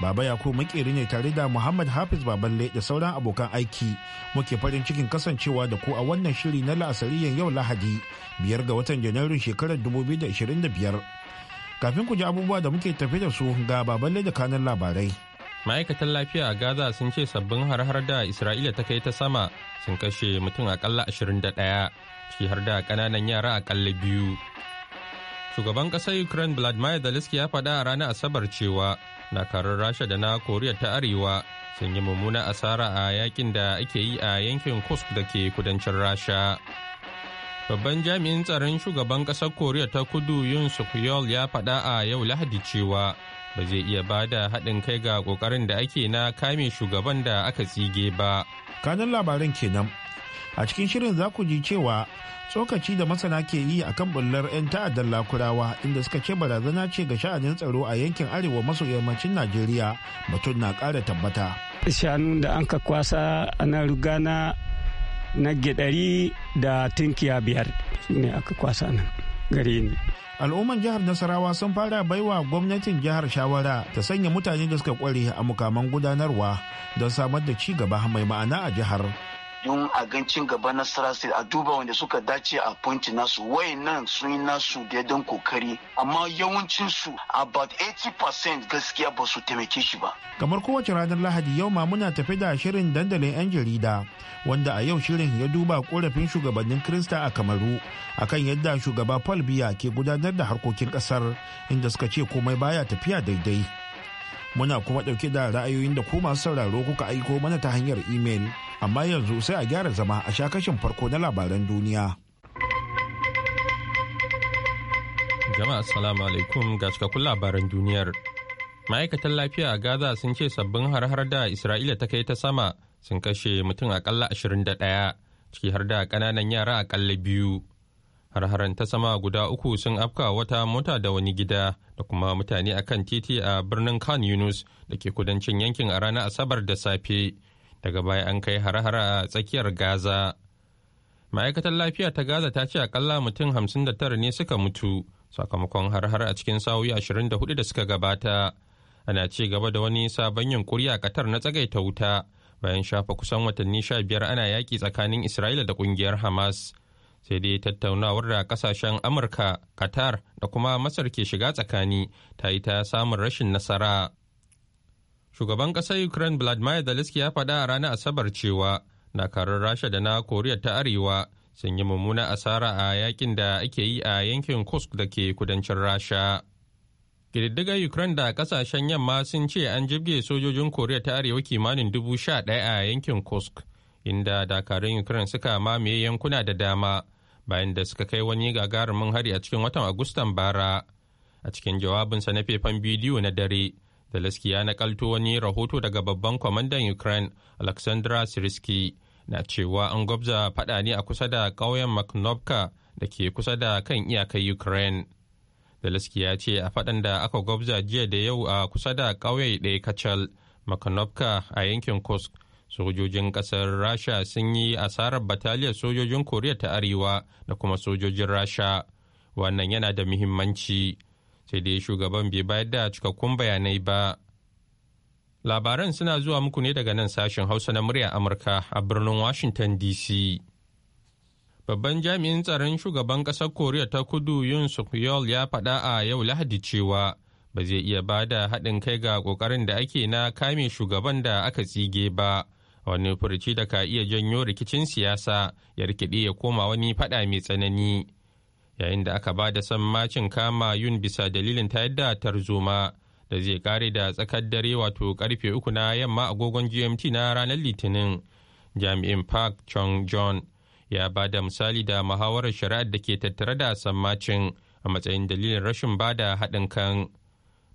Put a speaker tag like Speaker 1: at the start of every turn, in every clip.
Speaker 1: Baba Yakubu makeri ne tare da Muhammad Hafiz Baballe da sauran abokan aiki. Muke farin cikin kasancewa da ku a wannan shiri na la'asariyan yau Lahadi, biyar ga watan Janairun shekarar 2025. Kafin ku ji abubuwa da muke tafi da su ga Baballe da kanan labarai.
Speaker 2: Ma'aikatan lafiya a Gaza sun ce sabbin har-har da Isra'ila ta kai ta sama sun kashe mutum akalla 21, ciki har da ƙananan yara akalla biyu. shugaban ƙasar ukraine vladimir zelensky ya faɗa a ranar asabar cewa nakarar rasha da na koriya ta arewa sun yi mummuna asara a yakin da ake yi a yankin kursk da ke kudancin rasha babban jami'in tsaron shugaban ƙasar koriya ta kudu yun yol ya faɗa a yau lahadi cewa ba zai iya ba da haɗin kai ga ƙoƙarin da ake na kame shugaban da aka tsige ba
Speaker 1: kanan labaran kenan a cikin shirin za ku ji cewa tsokaci da masana ke yi a kan bullar 'yan ta'addar lakurawa inda suka ce barazana ce ga sha'anin tsaro a yankin arewa maso yammacin najeriya batun na ƙara tabbata
Speaker 3: shanun da an ka kwasa ana rugana na gidari da tunkiya biyar
Speaker 1: ne aka kwasa nan gare ni al'umman jihar nasarawa sun fara baiwa gwamnatin jihar shawara ta sanya mutane da suka kware a mukaman gudanarwa don samar da ci gaba mai ma'ana a jihar yun a gancin gaba na sarasi a duba wanda suka dace a punci nasu wayannan sun yi nasu daidan kokari amma yawancin su about 80% gaskiya ba su taimake shi ba kamar kowace ranar lahadi yau ma muna tafi da shirin dandalin yan jarida wanda a yau shirin ya duba korafin shugabannin krista a kamaru akan yadda shugaba paul biya ke gudanar da harkokin kasar inda suka ce komai baya tafiya daidai Muna kuma ɗauke da ra'ayoyin da ku masu sauraro kuka aiko mana ta hanyar imel. Amma yanzu sai a gyara zama a sha kashin farko na labaran duniya.
Speaker 2: Jama'a assalamu alaikum ga cikakkun labaran duniyar. Ma'aikatan lafiya a Gaza sun ce sabbin har-har da Isra'ila ta kai ta sama sun kashe mutum akalla 21 ciki har da ƙananan yara akalla biyu. harharan ta sama guda uku sun afka wata mota da wani gida da kuma mutane a kan titi a birnin khan yunus da ke kudancin yankin a ranar asabar da safe daga baya an kai harhara a tsakiyar gaza ma'aikatar lafiya ta gaza ta ce akalla mutum 59 ne suka mutu sakamakon har a cikin sa'o'i 24 da suka gabata ana ci gaba da wani sabon yunkuri a katar na tsagaita wuta bayan shafa kusan watanni 15 ana yaki tsakanin isra'ila da ƙungiyar hamas sai dai tattaunawar da kasashen amurka qatar da kuma masar ke shiga tsakani ta yi ta samun rashin nasara shugaban ƙasar ukraine vladimir zelensky ya faɗa a ranar asabar cewa dakarun rasha da na koriya ta arewa sun yi mummuna asara a yakin da ake yi a yankin kusk da ke kudancin rasha ƙididdigar ukraine da ƙasashen yamma sun ce an jibge sojojin koriya ta arewa kimanin dubu sha ɗaya a yankin kusk inda dakarun ukraine suka mamaye yankuna da dama bayan da suka kai wani gagarumin hari a cikin watan agustan bara a cikin jawabinsa na faifan bidiyo na dare zelensky na nakalto wani rahoto daga babban kwamandan ukraine alexandra siriski na cewa an gwabza fada ne a kusa da ƙauyen maknovka da ke kusa da kan iyakai ukraine zelensky ya ce a fadan da aka gwabza jiya da yau a kusa da ƙauye ɗaya kacal maknovka a yankin kusk sojojin kasar rasha sun yi asarar bataliyar sojojin koriya ta arewa da kuma sojojin rasha wannan yana da muhimmanci sai dai shugaban bai bayar da cikakkun bayanai ba labaran suna zuwa muku ne daga nan sashen hausa na murya amurka a birnin washington dc babban jami'in tsaron shugaban kasar koriya ta kudu yun suk ya faɗa a yau lahadi cewa ba zai iya ba da haɗin kai ga ƙoƙarin da ake na kame shugaban da aka tsige ba wani furci da ka iya janyo rikicin siyasa ya rikide ya koma wani fada mai tsanani yayin da aka ba da sammacin kama yun bisa dalilin ta yadda tarzoma da zai kare da tsakar dare wato karfe uku na yamma agogon gmt na ranar litinin jami'in park chong john ya ba da misali da muhawarar shari'ar da ke tattare da sammacin a matsayin dalilin rashin ba da haɗin kan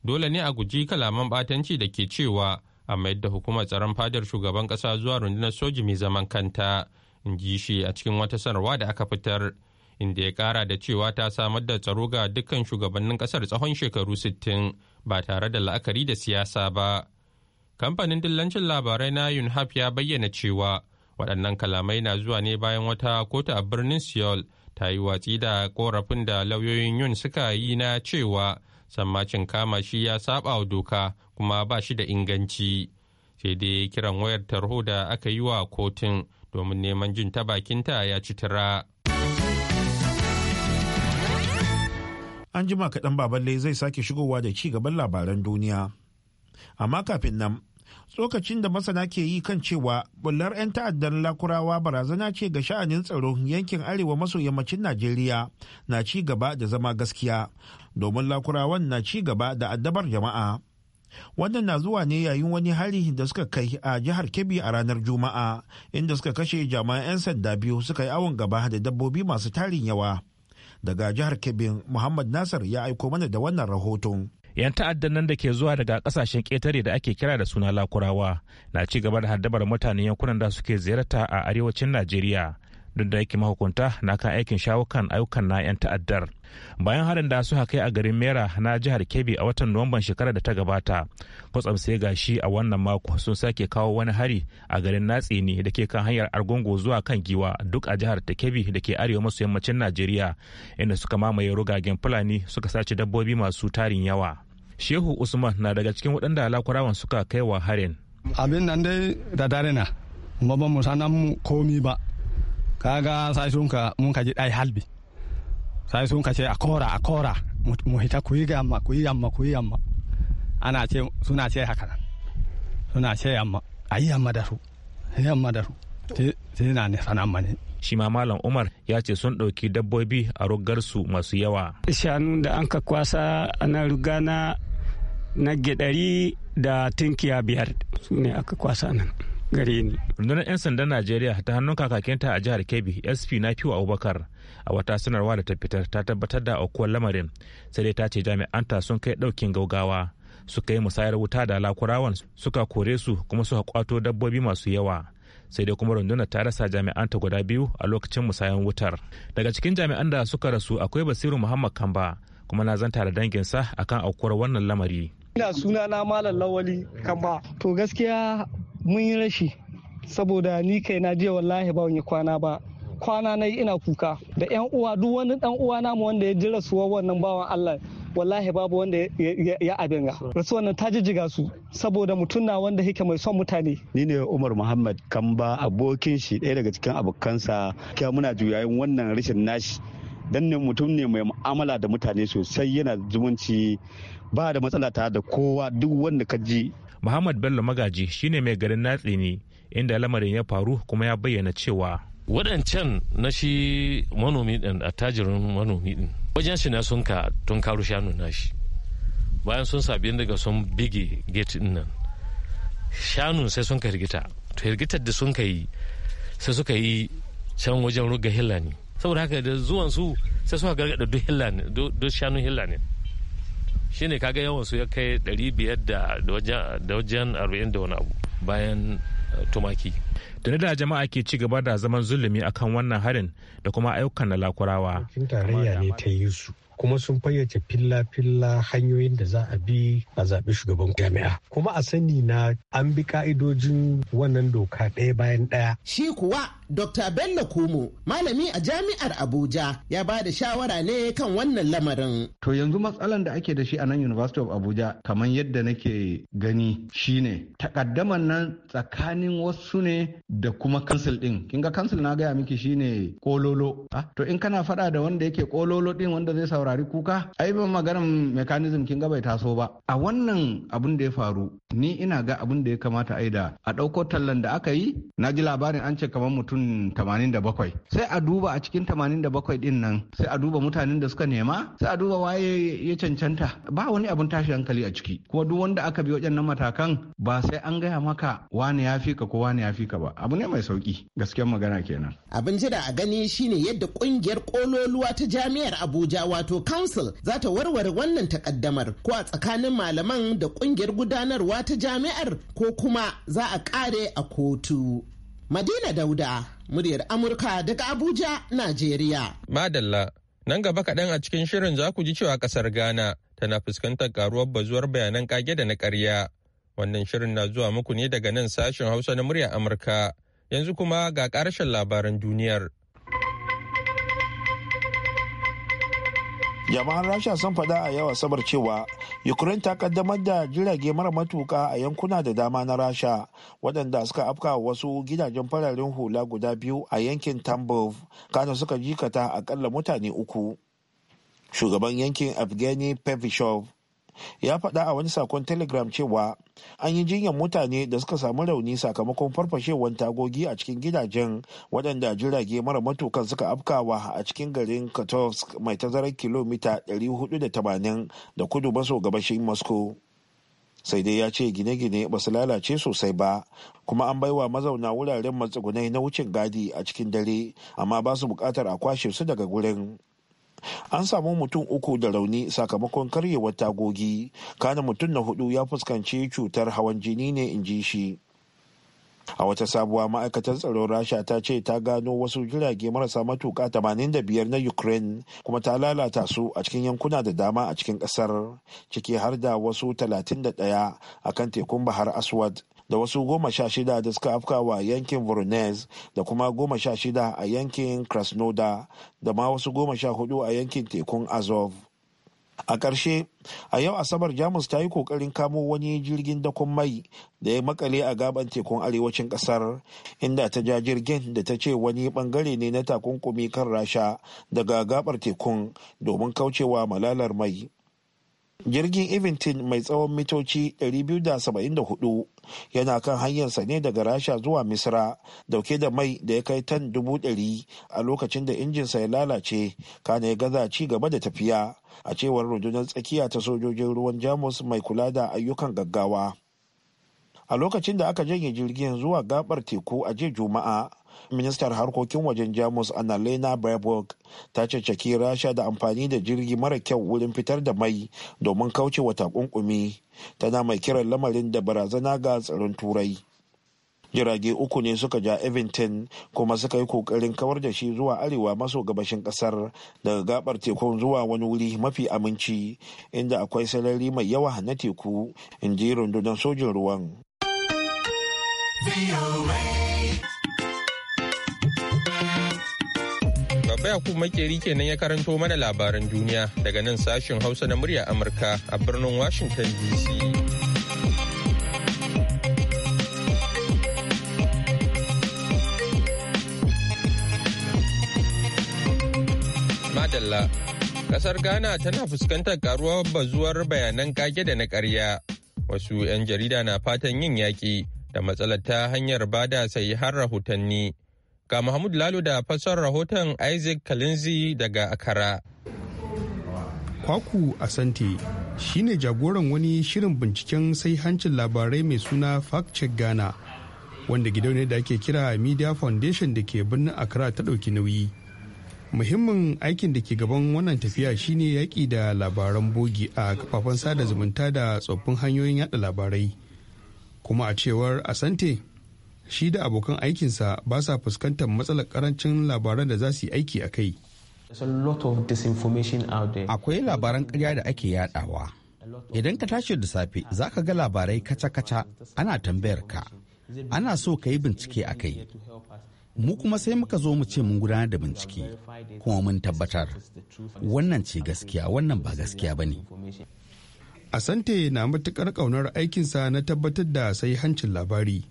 Speaker 2: dole ne a guji kalaman ɓatanci da ke cewa a mayar da hukumar tsaron fadar shugaban kasa zuwa rundunar soji mai zaman kanta in ji shi a cikin wata sanarwa da aka fitar inda ya kara da cewa ta samar da tsaro ga dukkan shugabannin kasar tsawon shekaru 60 ba tare da la'akari da siyasa ba kamfanin dillancin labarai na yunhap ya bayyana cewa waɗannan kalamai na zuwa ne bayan wata kotu a birnin seoul ta yi watsi da korafin da lauyoyin yun suka yi na cewa sammacin kama shi ya saba doka kuma ba shi da inganci sai dai kiran wayar tarho da aka yi wa kotun domin neman jin ta bakinta ya ci tira.
Speaker 1: An jima kaɗan baballe zai sake shigowa da ci gaban labaran duniya. Amma kafin nan, tsokacin da masana ke yi kan cewa bullar 'yan ta'addar lakurawa barazana ce ga sha'anin tsaro yankin arewa maso yammacin najeriya na ci gaba da zama gaskiya domin lakurawan na ci gaba da addabar jama'a wannan na zuwa ne yayin wani hari da suka kai a jihar kebbi a ranar juma'a inda suka kashe jama'an 'yan sanda biyu suka yi awon gaba da dabbobi masu tarin yawa daga jihar kebbi muhammad nasir ya aiko mana da wannan rahoton 'yan ta'addan nan
Speaker 3: da ke zuwa daga kasashen ƙetare da ake kira da suna lakurawa na ci gaba da haddabar mutane yankunan da suke ziyarta a arewacin najeriya duk da yake mahukunta na kan aikin shawo kan ayyukan na 'yan ta'addar bayan harin da suka kai a garin mera na jihar kebbi a watan nuwamban shekarar da ta gabata kwatsam sai ga shi a wannan mako sun sake kawo wani hari a garin natsini da ke kan hanyar argungu zuwa kan giwa duk a jihar ta kebbi da ke arewa maso yammacin najeriya inda suka mamaye rugagen fulani suka sace dabbobi masu tarin yawa shehu usman na daga cikin waɗanda alakurawan suka kai wa harin abin nan dai da dare na ba mu sanan komi ba kaga sai sun ka mun ka ji dai halbi sai sun ka ce a kora a kora mu hita ku yi amma ku yi amma ku yi amma ana ce suna ce haka nan suna ce amma a yi da su amma da su sai na ne sanan mane shi ma malam umar ya ce sun ɗauki dabbobi a su masu yawa shanu da an ka kwasa ana rugana na gedari da tunkiya biyar su ne aka kwasa nan gare ni. Rundunar 'yan sandan Najeriya ta hannun kakakinta a jihar Kebbi SP na fiwa Abubakar a wata sanarwa da ta fitar ta tabbatar da aukuwar lamarin sai dai ta ce jami'anta sun kai ɗaukin gaugawa suka yi musayar wuta da lakurawan suka kore su kuma suka kwato dabbobi masu yawa. sai dai kuma rundunar ta rasa jami'anta guda biyu a lokacin musayan wutar daga cikin jami'an da suka rasu akwai basiru muhammad kamba kuma na zanta da danginsa akan aukuwar wannan lamari
Speaker 4: Ina suna na Malam Lawali kamba. To gaskiya mun yi rashi saboda ni kai na je wallahi ba wani kwana ba. Kwana na ina kuka da yan uwa duk wani dan uwa namu wanda ya ji rasuwar wannan bawan Allah wallahi babu wanda ya abin ga rasuwar nan ta jijjiga su saboda mutum na wanda yake mai son mutane ni ne Umar Muhammad Kamba abokin shi ɗaya daga cikin abokansa kya muna juyayin wannan rashin nashi dan ne mutum ne mai mu'amala da mutane sosai yana zumunci ba da matsala ta da
Speaker 3: kowa duk wanda ka ji Muhammad Bello Magaji shine mai garin ne inda lamarin ya faru kuma ya bayyana cewa waɗancan na shi manomi ɗin tajirin manomi ɗin wajen shi na sun ka tun karu shanu nashi bayan sun sabi daga sun bige gate ɗin nan shanun sai sun ka rigita to rigitar da sun ka yi sai suka yi can wajen ruga hillani saboda haka da zuwan su sai suka gargada duk hillani duk shanun hillani shine kaga yawan su ya kai 500 da wajen 40 da wani abu bayan eh, tumaki tuni da jama'a ke ci gaba da zaman zulumi akan wannan harin da kuma ayyukan na lakurawa
Speaker 4: tarayya ne ta yi su kuma sun fayyace filla-filla hanyoyin da za a bi a zaɓi shugaban jami'a kuma a sani na an bi ka'idojin wannan doka ɗaya bayan ɗaya shi kuwa Dr. Bello Kumo, malami a jami'ar Abuja, ya ba da shawara ne kan wannan lamarin. To yanzu matsalan da ake da shi a nan University of Abuja, kamar yadda nake gani shine takaddaman nan tsakanin wasu ne da kuma kansil din. Kin ga kansil na gaya miki shine kololo. Ah, to in kana faɗa da wanda yake kololo din wanda zai saurari kuka, ai ban maganar mechanism kin ga bai taso ba. A wannan abin da ya faru, ni ina ga abin da ya kamata yi da a ɗauko tallan da aka yi, na ji labarin an ce kamar mutum mutum 87 sai a duba a cikin 87 din nan sai a duba mutanen da suka nema sai a duba waye ya cancanta ba wani abin tashi hankali a ciki kuma duk wanda aka bi wajen matakan ba sai an gaya maka wani ya fika ko wani ya fika ba abu ne mai sauki gaskiyar magana kenan
Speaker 3: abin jira a gani shine yadda kungiyar kololuwa ta jami'ar abuja wato council za ta warware wannan takaddamar ko a tsakanin malaman da kungiyar gudanarwa ta jami'ar ko kuma za a kare a kotu Madina Dauda, muryar Amurka daga Abuja, Najeriya.
Speaker 2: Madalla, nan gaba kaɗan a cikin shirin za ku ji cewa ƙasar Ghana tana fuskantar ƙaruwar bazuwar bayanan ƙage da na karya, Wannan shirin na zuwa muku ne daga nan sashen Hausa na muryar Amurka. Yanzu kuma ga ƙarshen labaran duniyar.
Speaker 1: jama'an rasha sun faɗa a yawa sabar cewa ukraine ta kaddamar da jirage mara matuka a yankuna da dama na rasha waɗanda suka afka wasu gidajen fararen hula guda biyu a yankin tambov kano suka jikata akalla mutane uku shugaban yankin evgeny pevishov ya faɗa a wani sakon telegram cewa an yi jinyar mutane da suka samu rauni sakamakon farfashewar tagogi a cikin gidajen waɗanda jirage mara matukan suka afkawa a cikin garin katovsk mai tazarar kilomita 480 da kudu maso gabashin moscow sai dai ya ce gine-gine ba su lalace sosai ba kuma an baiwa mazauna wuraren matsugunai na wucin gadi a cikin dare amma ba su bukatar a kwashe su daga gurin an samu mutum uku da rauni sakamakon karyewar tagogi kana mutum na hudu ya fuskanci cutar hawan jini ne in ji shi a wata sabuwa ma'aikatar tsaron rasha ta ce ta gano wasu jirage marasa matuka 85 na ukraine kuma ta lalata su a cikin yankuna da dama a cikin kasar ciki har da wasu 31 a kan tekun bahar aswad da wasu goma sha shida da suka wa yankin voronezh da kuma goma sha shida a yankin krasnodar da ma wasu goma sha hudu a yankin tekun azov a ƙarshe a yau asabar jamus ta yi ƙoƙarin kamo wani jirgin dakon mai da ya makale a gaban tekun arewacin ƙasar inda ta ja jirgin da ta ce wani ɓangare ne na takunkumi kan rasha daga gabar tekun domin kaucewa malalar mai jirgin eventin mai tsawon mitoci 274 yana kan hanyarsa ne daga rasha zuwa misra dauke da mai da ya kai tan dubu ɗari a lokacin da injinsa ya lalace kana ya gaza ci gaba da tafiya a cewar rundunar tsakiya ta sojojin ruwan jamus mai kula da ayyukan gaggawa a lokacin da aka janye jirgin zuwa gabar teku a jiya juma'a ministar harkokin wajen jamus annalena baerbock ta caccaki rasha da amfani da jirgi mara kyau wurin fitar da mai domin kauce wa takunkumi tana mai kiran lamarin da barazana ga tsaron turai jirage uku ne suka ja evington kuma suka yi kokarin kawar da shi zuwa arewa maso gabashin kasar daga gabar tekun zuwa wani wuri mafi aminci inda akwai sarari mai yawa na teku in ji rundunar sojin ruwan.
Speaker 2: baya kuma Makeri kenan ya karanto mana labaran duniya daga nan sashen Hausa na murya Amurka a birnin Washington DC. Madalla, kasar Ghana tana fuskantar karuwar bazuwar bayanan kage da na karya. Wasu 'yan jarida na fatan yin yaƙi da matsalar ta hanyar bada sai har rahotanni. Ga Mahmud Lalo da fassarar rahoton Isaac Kalinzi daga Akara.
Speaker 4: Kwaku Asante shi ne jagoran wani shirin binciken sai hancin labarai mai suna Fact Check Ghana, wanda ne da ake kira Media Foundation da ke birnin Accra ta ɗauki nauyi. muhimmin aikin da ke gaban wannan tafiya shine yaƙi da labaran bogi a kafafen sada zumunta da tsoffin hanyoyin yada labarai kuma a cewar asante shi da abokan aikinsa ba sa fuskantar matsalar karancin labaran da za su yi aiki a kai akwai labaran karya da ake yadawa idan ka tashi da safe za ka ga labarai kaca-kaca ana tambayar ka ana so ka yi bincike a kai mu kuma sai muka zo mu ce mun gudanar da bincike kuma mun tabbatar wannan ce gaskiya wannan ba gaskiya ba ne asante na matuƙar ƙaunar aikinsa na tabbatar da sai hancin labari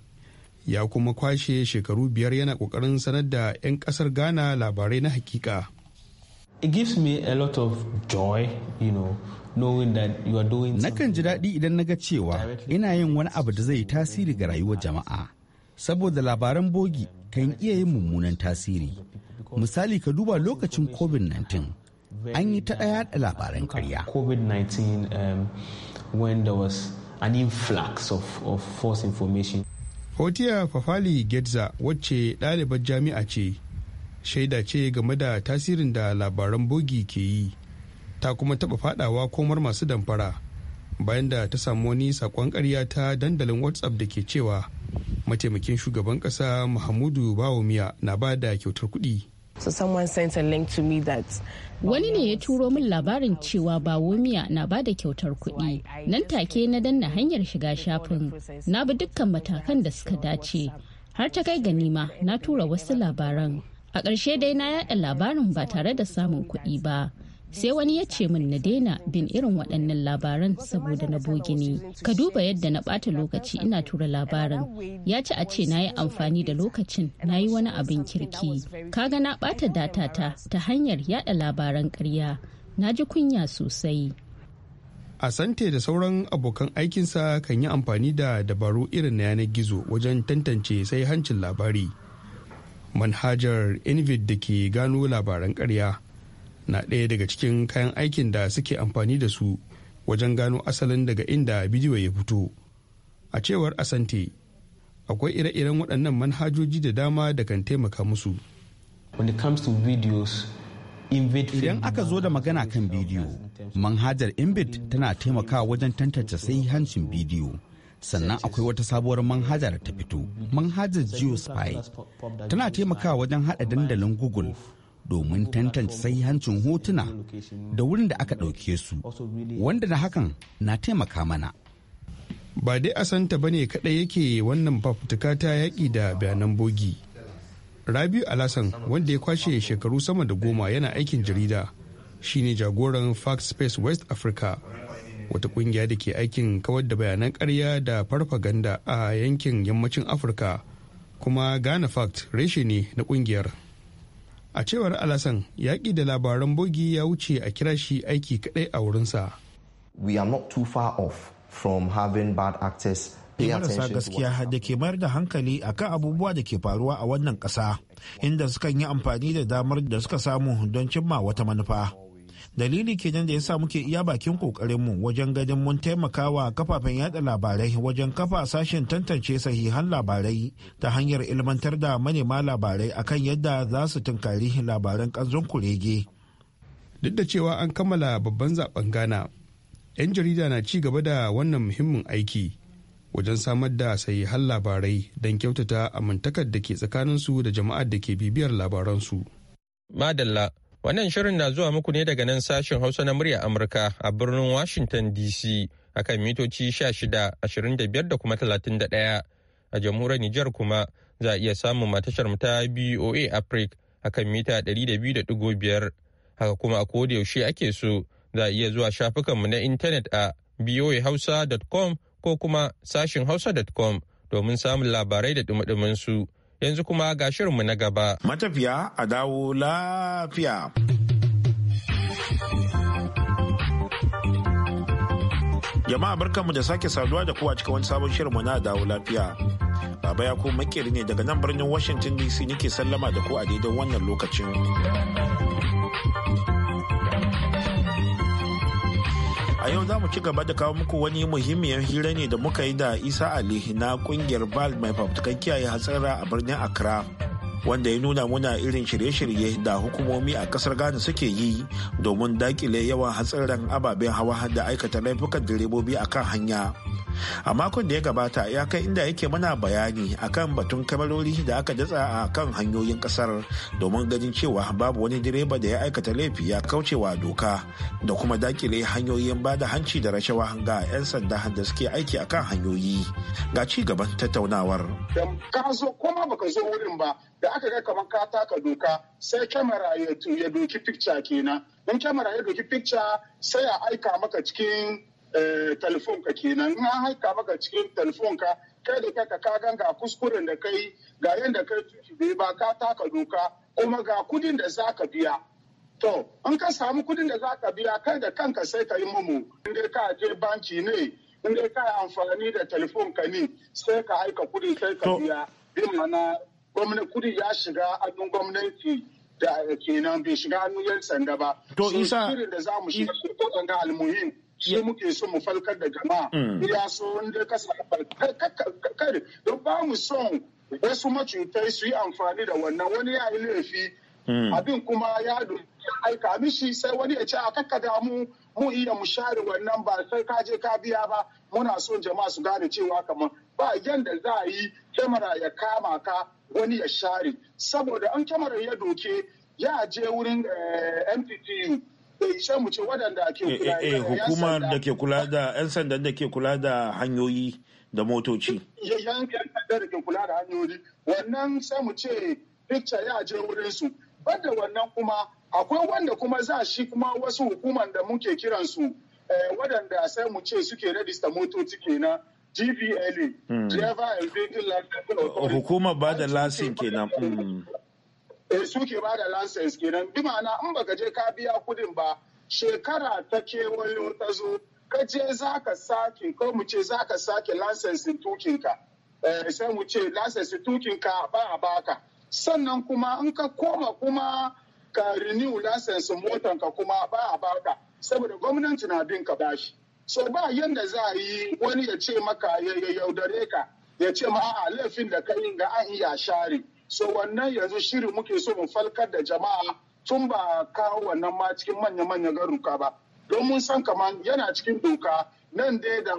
Speaker 4: ya kuma kwashe shekaru biyar yana kokarin sanar da 'yan kasar ghana labarai na hakika it gives me a lot of joy you know kan ji daɗi idan na ga cewa ina yin wani abu da zai tasiri ga rayuwar jama'a, saboda labaran bogi kan iya yin mummunan tasiri. Misali ka duba lokacin COVID-19, an yi ta ɗaya da labaran karya. COVID-19 um, when there was an influx of false information. hotiya fafali getza wacce ɗalibar jami'a ce shaida ce game da tasirin da labaran bogi ke yi ta kuma taɓa fadawa komar masu damfara bayan da ta samu wani saƙon ƙarya ta dandalin whatsapp da ke cewa mataimakin shugaban ƙasa muhammadu bawumiya na ba da kyautar kuɗi So someone sent a link to me that um, Wani ne ya turo min labarin cewa Bawomiya na ba da kyautar kuɗi. Nan take na danna hanyar shiga shafin. Na bi dukkan matakan da suka dace. Har ta kai ganima na tura wasu labaran. A ƙarshe dai na yaɗa labarin ba tare da samun kuɗi ba. sai wani ya ce min na daina bin irin waɗannan labaran saboda na bogini ka duba yadda na ɓata lokaci ina tura labaran ya ci a ce na yi amfani da lokacin na yi wani abin kirki kaga na ɓata datata ta hanyar yaɗa labaran ƙarya na ji kunya sosai asante da sauran abokan aikinsa kan yi amfani da dabaru irin na yanar gizo wajen tantance sai hancin labari manhajar invid da ke gano labaran karya. na ɗaya daga cikin kayan aikin da suke amfani da su wajen gano asalin daga inda bidiyo ya fito a cewar asante akwai ire-iren waɗannan manhajoji da dama da kan taimaka musu idan aka zo da magana kan bidiyo manhajar imbit tana taimakawa wajen tantance sai hancin bidiyo sannan akwai wata sabuwar manhajar ta fito manhajar geospy tana taimakawa wajen haɗa dandalin google domin tantance hancin hotuna da wurin da aka ɗauke su wanda na hakan na taimaka mana ba dai a santa bane kaɗai yake wannan fafutuka ta yaƙi da bayanan bogi rabiu alasan wanda ya kwashe shekaru sama da goma yana aikin jarida shine jagoran fact space west africa wata kungiya da ke aikin kawar da bayanan karya da farfaganda a yankin yammacin afirka kuma ghana fact reshe ne na kungiyar a cewar alasan yaƙi da labaran bogi ya wuce a kira shi aiki kaɗai a wurinsa we are not too far off from
Speaker 1: having bad actors marasa gaskiya da ke mayar da hankali akan abubuwa da ke faruwa a wannan ƙasa inda sukan yi amfani da damar da suka samu don cimma wata manufa dalili kenan da ya sa muke iya bakin kokarinmu wajen ganin mun taimakawa kafafen yada labarai wajen kafa sashen tantance sahihan labarai ta hanyar ilmantar da manema labarai akan yadda za su tunkari labaran kanzon kurege
Speaker 4: duk da cewa an kammala babban zaben ghana 'yan jarida na ci gaba da wannan muhimmin aiki wajen samar da sahihan labarai don kyautata amintakar da ke tsakaninsu da jama'ar da ke bibiyar labaransu
Speaker 2: madalla Wannan shirin na zuwa muku ne daga nan sashen Hausa na murya Amurka a birnin Washington DC akan mitoci 16, da kuma 31. A jamhuriyar Nijar kuma za a iya samun matashar mu ta BOA Africa akan mita 200.5. Haka kuma a yaushe ake so za a iya zuwa shafukanmu na intanet a boahausa.com ko kuma sashen hausa.com domin samun labarai da dumadumin su. Yanzu kuma ga shirinmu na gaba. Matafiya a dawo lafiya.
Speaker 1: Jama'a barkanmu da sake saduwa da kowa cikin wani sabon shirinmu na dawo lafiya. Baba ya ko makeri ne daga nan birnin Washington DC nike sallama da ku a daidai wannan lokacin. a yau za mu ci gaba da kawo muku wani muhimmiyar hira ne da muka yi da Isa Ali na kungiyar BAL mai fafutukan kiyaye hatsara a birnin Accra. Wanda ya nuna muna irin shirye-shirye da hukumomi a kasar Ghana suke yi domin dakile yawan hatsarin ababen hawa da aikata laifukan direbobi a kan hanya. a makon da ya gabata ya kai inda yake mana bayani akan batun kamarori da aka datsa a kan hanyoyin kasar domin ganin cewa babu wani direba da ya aikata laifi ya kaucewa doka da kuma dakile hanyoyin bada hanci da rashawa ga 'yan sanda da suke aiki akan hanyoyi ga ci gaban tattaunawar
Speaker 5: zo wurin ba da aka ga kamar ka taka doka sai kyamara ya doki picture kenan in kyamara ya doki picture sai a aika maka cikin Eh, telefon ka kenan in an haika maka cikin telefon ka kai da kai ka gan ga kuskuren da kai ga yanda kai tuki bai ba ka taka doka kuma ga kudin da za ka biya to in ka samu kudin da za ka biya kai da kanka sai ka yi mumu in dai ka je banki ne in dai ka yi amfani da telefon ka ne sai ka haika kudin sai ka biya bin mana gwamnati kudi ya shiga hannun gwamnati da kenan bai shiga hannun yan sanda ba to isa da za mu shiga kudin ga almuhim shi muke so mu falkar da jama'a mm. ya so wanda ka kar don ba mu son wasu macutai su yi amfani da wannan wani ya yi laifi mm. abin kuma ya aika mishi sai wani ya ce a kakka damu mu iya mu share wannan ba sai ka je ka biya ba muna so jama'a su gane cewa kamar ba yanda za a yi kyamara ya kama ka wani ya share saboda an kyamara ya doke ya je wurin eh, mptu 'yan
Speaker 1: sandan da ke kula da hanyoyi da motoci.
Speaker 5: Yan sandan da ke kula wannan sai mu ce picture ya je wurin su banda wannan kuma akwai wanda kuma za shi kuma wasu hukuman da muke kiransu eh, wadanda sai mu ce suke rajista motoci kenan GVLA, e, hmm.
Speaker 1: Hukumar ba da lasin kenan. Hmm.
Speaker 5: Eh, suke ba da license kenan bi ma'ana in baka je ka biya kudin ba shekara ta kewayo ta zo ka je za ka sake ko mu ce za ka sake license tukinka eh, sai mu ce license tukinka ba a baka sannan kuma in ka koma kuma ka renew license motanka kuma ba a baka saboda gwamnati na bin ka bashi so ba yadda za a yi wani ya ce maka ya yaudare ka ya ce ma laifin da ka yi ga an iya share so wannan yanzu shiri muke so mu falkar da jama'a tun ba kawo wannan ma cikin manya-manya garuka ba don mun san kaman yana cikin doka nan dai da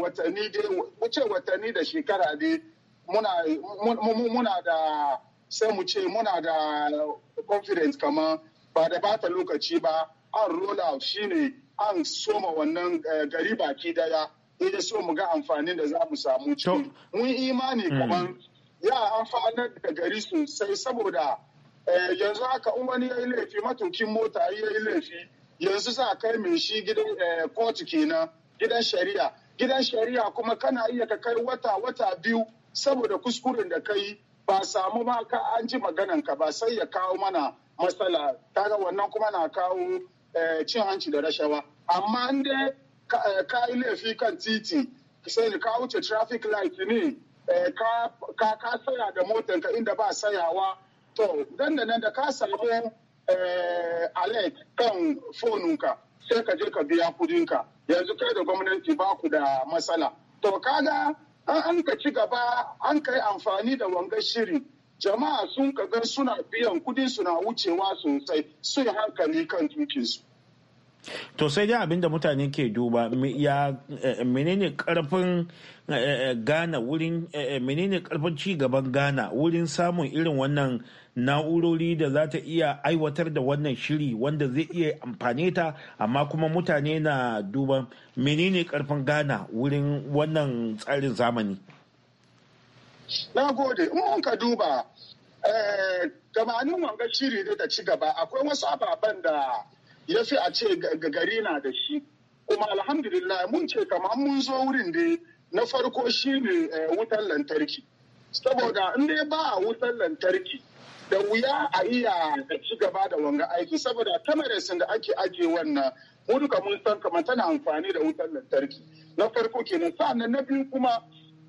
Speaker 5: watanni dai wuce watanni da shekara dai muna da sai mu ce muna da confidence kaman ba da bata lokaci ba an roll out shine an soma wannan eh, gari baki daya idan so mu ga amfanin da za mu samu ciki mun imani hmm. kamar ya amfanar da gari sosai saboda eh, yanzu haka in wani ya yi laifi matukin mota ya yi laifi yanzu za kai mai shi gidan kotu eh, kenan gidan shari'a gidan shari'a kuma kana iya ka kai wata wata biyu saboda kuskuren da kai ba samu ma ka an ji maganan ka ba sai ya kawo mana matsala kaga wannan kuma na kawo eh, cin hanci da rashawa amma in dai ka yi laifi kan titi sai ka wuce traffic light ne Eh, ka saya da motanka inda ba sayawa to dan da nan da ka samu eh, alert kan fonunka sai ka je ka biya kudinka yanzu kai da gwamnati ba ku da matsala to kaga an ka ci gaba an kai amfani da wangar shiri jama'a sun ka gan suna biyan kudin suna wucewa sosai sun hankali kan dukinsu.
Speaker 1: to sai dai abinda mutane ke duba ya eh, eh, menene karfin eh, gana wurin menene karfin ci gaban gana wurin samun irin wannan na'urori da za ta iya aiwatar da wannan shiri wanda zai iya amfane ta amma kuma mutane na duba menene karfin gana wurin wannan tsarin zamani
Speaker 5: na gode in ka duba gamanin wanga shiri da ci gaba akwai wasu ababen da ya sai a ce gari na da shi kuma alhamdulillah mun ce kamar mun zo wurin da na farko shi ne eh, wutar lantarki saboda in dai ba a wutar lantarki da wuya a iya ci gaba da wanga aiki saboda kamarasin da ake ajiye wannan mu duka mun san kamar tana amfani da wutar lantarki na farko kenan sa'annan na biyu kuma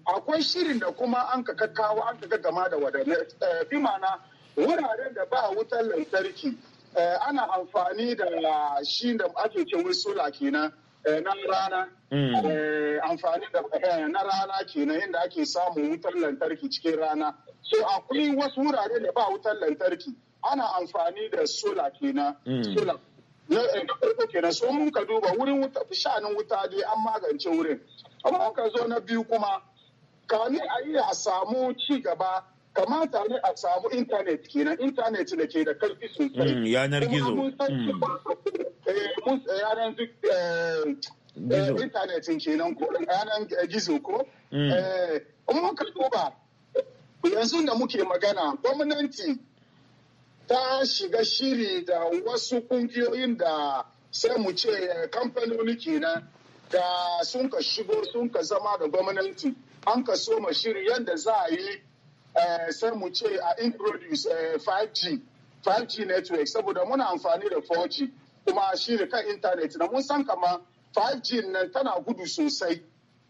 Speaker 5: akwai shirin da kuma an ka kakkawo an ka gama da wadanne eh, bimana wuraren da ba wutar lantarki Eh, ana amfani da shi da ake ce wai sola kenan eh, na rana mm. eh, amfani da na rana kenan inda ake samun wutar lantarki cikin rana so akwai wasu wurare da ba wutar lantarki ana amfani da sola kenan mm. sola na farko kenan so mun ka duba wurin wuta shanin wuta dai an magance wurin amma ka zo na biyu kuma ne a yi a samu ci gaba kamata ne a samu intanet kenan intanet da ke da karfi sosai yanar gizo yanar gizo kenan ko yanar eh, gizo ko kuma mm. eh, ka duba yanzu da muke magana gwamnati ta shiga shiri da wasu kungiyoyin da sai mu ce eh, kamfanoni kenan da sun ka shigo sun ka zama da gwamnati an ka soma shiri yadda za a yi Eh, sai mu ce a introduce 5G eh, 5G network saboda muna amfani da 4G kuma shi da kan intanet na mun san kama 5G nan tana gudu sosai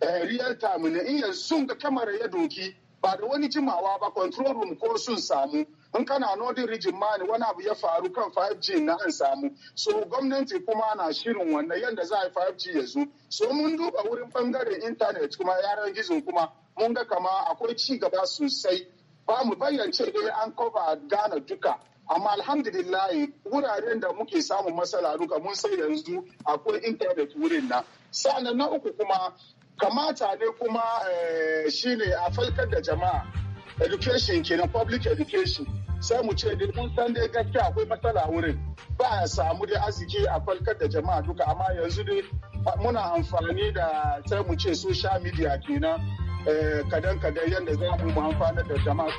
Speaker 5: eh, real time ne in sun ga kamar ya doki ba da wani jimawa ba control room ko sun samu in kana northern region ma ne wani abu ya faru kan 5G na an samu so gwamnati kuma na shirin wannan yadda za a yi 5G ya zo so mun duba wurin bangaren intanet kuma yaran gizo kuma mun ga kama akwai ci gaba sosai ba mu bayyance dai an koba gana duka amma alhamdulillah wuraren da muke samun matsala duka mun sai yanzu akwai intanet wurin nan sa'annan na uku kuma kamata ne kuma eh, shine a falkar da jama'a education kenan public education sai mu ce dai mun san dai gaskiya akwai matsala wurin ba a samu dai arziki a falkar da jama'a duka amma yanzu dai muna amfani da sai mu ce social media kenan Eh, kadan-kadan yadda za mu amfana da jama'a.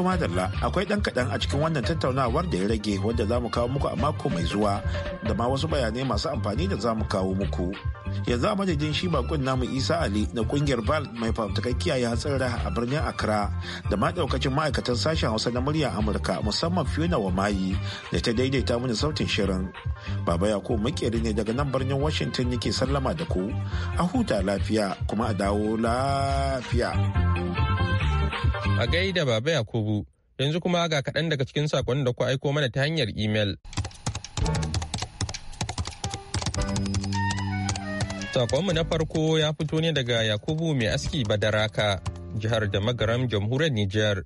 Speaker 1: madalla akwai dan kaɗan a cikin wannan tattaunawar da ya rage wadda za mu kawo muku a mako mai zuwa da ma wasu bayanai masu amfani da za mu kawo muku. yanzu a madadin shi bakon namu isa ali na kungiyar bal mai fafutukar kiyaye hatsara a birnin accra da ma daukacin ma'aikatan sashen hausa na murya amurka musamman fiona wa mayi da ta daidaita mini sautin shirin baba yakubu makeri ne daga nan birnin washington yake sallama da ku a huta lafiya kuma a dawo lafiya
Speaker 2: a gaida baba yakubu yanzu kuma ga kaɗan daga cikin saƙon da ku aiko mana ta hanyar imel. Sakonmu na farko ya fito ne daga Yakubu mai aski Badaraka, jihar da magaram jamhuriyar Nijar.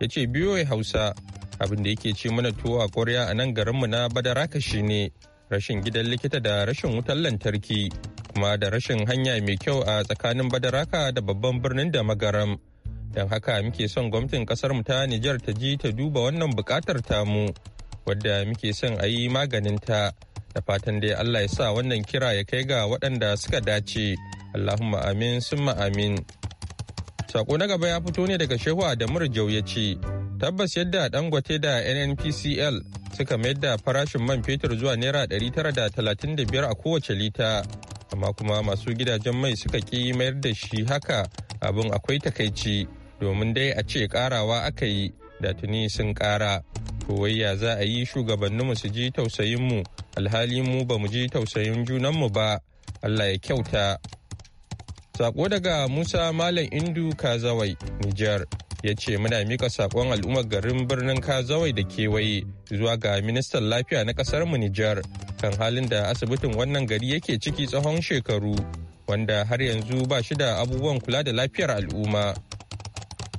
Speaker 2: Ya ce biyo Hausa, abin da yake ce mana tuwa a kwarya a nan garinmu na Badaraka shine rashin gidan likita da rashin wutar lantarki, kuma da rashin hanya mai kyau a tsakanin Badaraka da babban birnin da magaram. Don haka muke son gwamnatin kasar mu ta Nijar ta ji ta duba wannan bukatar tamu, wadda muke son a yi maganin ta. da fatan dai Allah ya sa wannan kira ya kai ga waɗanda suka dace Allahumma amin summa amin sako na gaba ya fito ne daga shehu Adamu Jau ya ce tabbas yadda ɗan dangote da nnpcl suka mayar da farashin man fetur zuwa naira biyar a kowace lita amma kuma masu gidajen mai suka ki mayar da shi haka abin akwai takaici domin dai a ce karawa aka yi da tuni sun kara koyayya za a yi shugabanninmu su ji tausayinmu alhali mu ba mu ji tausayin junanmu ba allah ya kyauta sako daga musa malam indu kazawai nijar ya ce muna mika sakon al'ummar garin birnin kazawai da kewaye zuwa ga ministan lafiya na kasar mu nijar kan halin da asibitin wannan gari yake ciki tsahon shekaru wanda har yanzu ba shi da abubuwan kula da lafiyar al'umma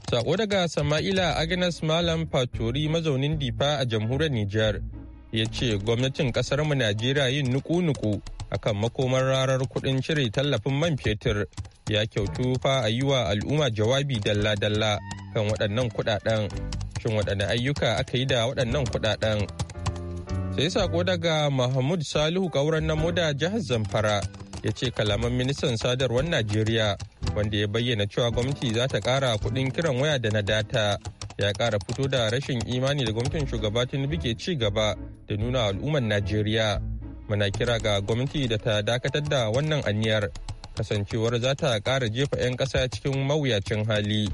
Speaker 2: Sako daga Sama'ila Agnes Malam Fatori mazaunin Difa a jamhuriyar Nijar ya ce gwamnatin mu Najeriya yin nuku-nuku akan makomar rarar kuɗin cire tallafin man fetur ya kyautu fa a yi wa al'umma jawabi dalla-dalla kan waɗannan kuɗaɗen. Shin waɗanne ayyuka aka yi da waɗannan kuɗaɗen? Sai sako daga Mahmud Salihu ƙauren na moda jihar Zamfara ya ce kalaman ministan sadarwar Najeriya wanda ya bayyana cewa gwamnati za ta kara kudin kiran waya da na data ya kara fito da rashin imani da gwamnatin shugaba tinubu ke ci gaba da nuna al'ummar najeriya muna kira ga gwamnati da ta dakatar da wannan aniyar kasancewar za ta kara jefa 'yan ƙasa cikin mawuyacin hali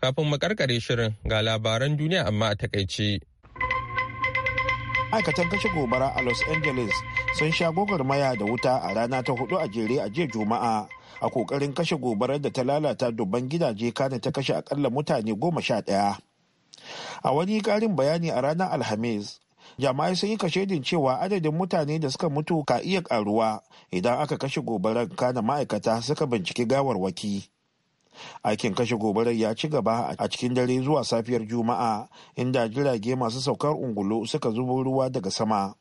Speaker 2: kafin mu makarkare shirin ga labaran duniya amma a takaice
Speaker 1: ma'aikatan kashe gobara a los angeles sun sha gwagwarmaya da wuta a rana ta hudu a jere a jiya juma'a a kokarin kashe gobarar da ta lalata dubban gidaje kane ta kashe akalla mutane goma sha ɗaya a wani karin bayani a ranar alhamis jama'ai sun yi kashedin cewa adadin mutane da suka mutu ka iya karuwa idan aka kashe gobarar kana ma'aikata suka binciki gawarwaki aikin kashe gobarar ya ci gaba a cikin dare zuwa safiyar juma'a inda jirage masu saukar ungulu suka zubo ruwa daga sama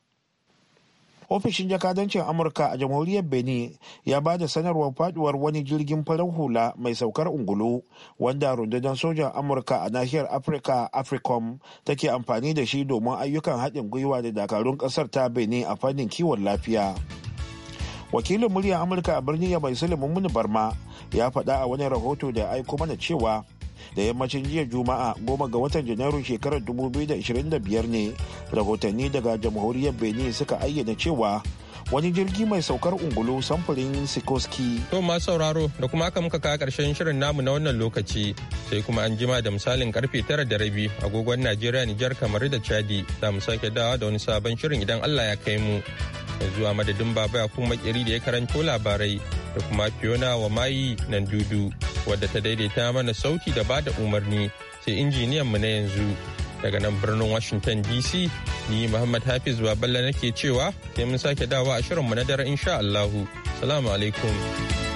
Speaker 1: ofishin jakadancin amurka a jamhuriyar benin ya ba da sanarwar faduwar wani jirgin farar hula mai saukar ungulu wanda rundunar sojan amurka a nahiyar afirka africom take amfani da shi domin ayyukan haɗin gwiwa da dakarun ƙasar ta benin a fannin kiwon lafiya. wakilin murya amurka a birnin ya mai silimin barma ya faɗa a wani rahoto da aiko mana cewa da yammacin jiya juma'a goma ga watan janairun shekarar biyar ne rahotanni daga jamhuriyar benin suka ayyana cewa wani jirgi mai saukar ungulu samfurin sikoski to ma
Speaker 2: sauraro da kuma aka muka kawo karshen shirin namu na wannan lokaci sai kuma an jima da misalin karfe tara da rabi agogon najeriya nijar kamar da chadi za mu sake dawa da wani sabon shirin idan allah ya kai mu yanzu a madadin baba ya kuma makiri da ya karanto labarai da kuma fiona wa mayi nan dudu wadda ta daidaita mana sauti da bada umarni sai injiniyan mu na yanzu daga nan birnin washington dc ni muhammad hafiz baballa nake cewa sai mun sake dawa a shirinmu na daren insha allahu salamu alaikum